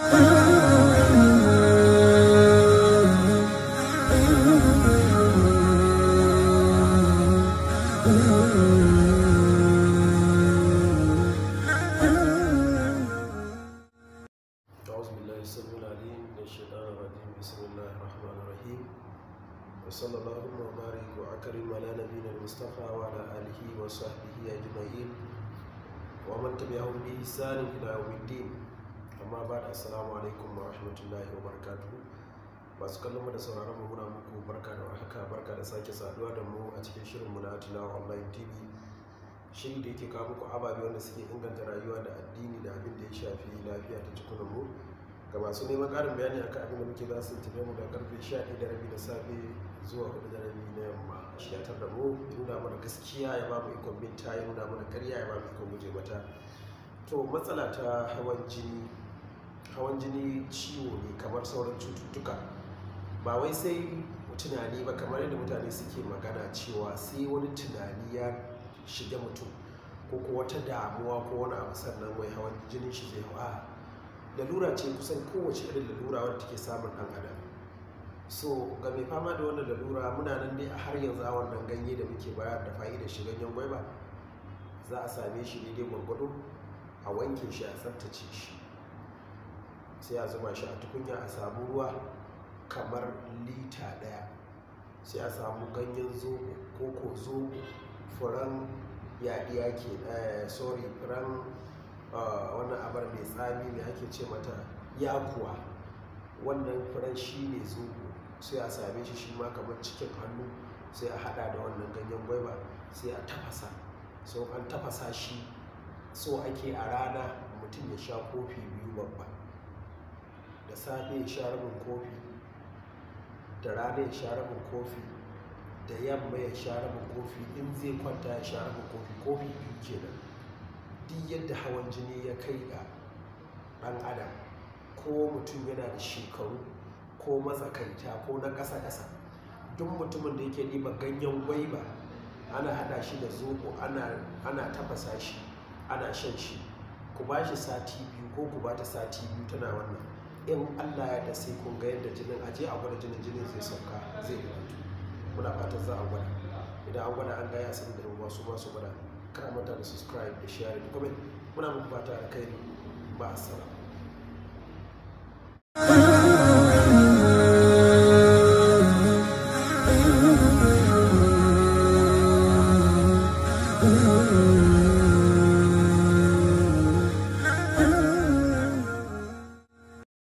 وصلى الله وبارك على نبينا المصطفى وعلى آله وصحبه أجمعين ومن تبعهم بإحسان إلى يوم الدين amma ba da assalamu alaikum wa rahmatullahi wa barakatuhu masu kallon mu da sauraron mu muna muku barka da warhaka barka da sake saduwa da mu a cikin shirin mu na tilawa online tv shiri da yake kawo muku ababe wanda suke inganta rayuwa da addini da abin da ya shafi lafiya ta cikin mu ga masu neman karin bayani akan abin da muke za su tafi mu da karfe 11 da rabi da safe zuwa 4 da rabi na yamma shi ya da mu nuna mana gaskiya ya ba mu ikon binta ya nuna mana karya ya ba mu ikon guje mata to matsala ta hawan jini hawan jini ciwo ne kamar sauran cututtuka ba wai sai tunani ba kamar yadda mutane suke magana cewa sai wani tunani ya shiga mutum ko ko wata damuwa ko wani abu sannan mai hawan jinin shi zai hawa lalura ce kusan kowace irin lalura wadda take samun ɗan adam so ga mai fama da wannan lalura muna nan ne a har yanzu a wannan ganye da muke bayar da fa'ida shi ganyen gwaiba za a same shi daidai gwargwado a wanke shi a tsaftace shi sai a zuba shi a tukunya a samu ruwa kamar lita daya sai a samu ganyen zobo ko zobo furen yaɗi, ke eh, sorry furen eh, wannan abar mai tsami mai ake ce mata yakuwa wannan furen shi ne zobo sai a same shi shi ma kamar cikin hannu sai a hada da wannan ganyen gwaiba sai a tafasa so an tafasa shi so ake a rana mutum ya sha kofi biyu babba da safe ya sha rabin kofi da rana ya sha rabin kofi da yamma ya sha rabin kofi in zai kwanta ya sha rabin kofi kofi biyu kenan duk yadda hawan jini ya kai ga ɗan adam ko mutum yana da shekaru ko matsakaita ko na ƙasa-ƙasa duk mutumin da yake ɗiba ganyen gwaiba ana haɗa shi da zoko ana tafasa shi ana shan shi ku ba shi sati biyu ko ku ba ta sati biyu tana wannan in allah ya da sai kun ga yadda jinin aje a gwada jinin jinin zai sauka zai rubutu muna fatan za a gwada idan an gwada an gaya a da ruwa su masu gwada kar a da subscribe da share da comment muna mun fata kai ba a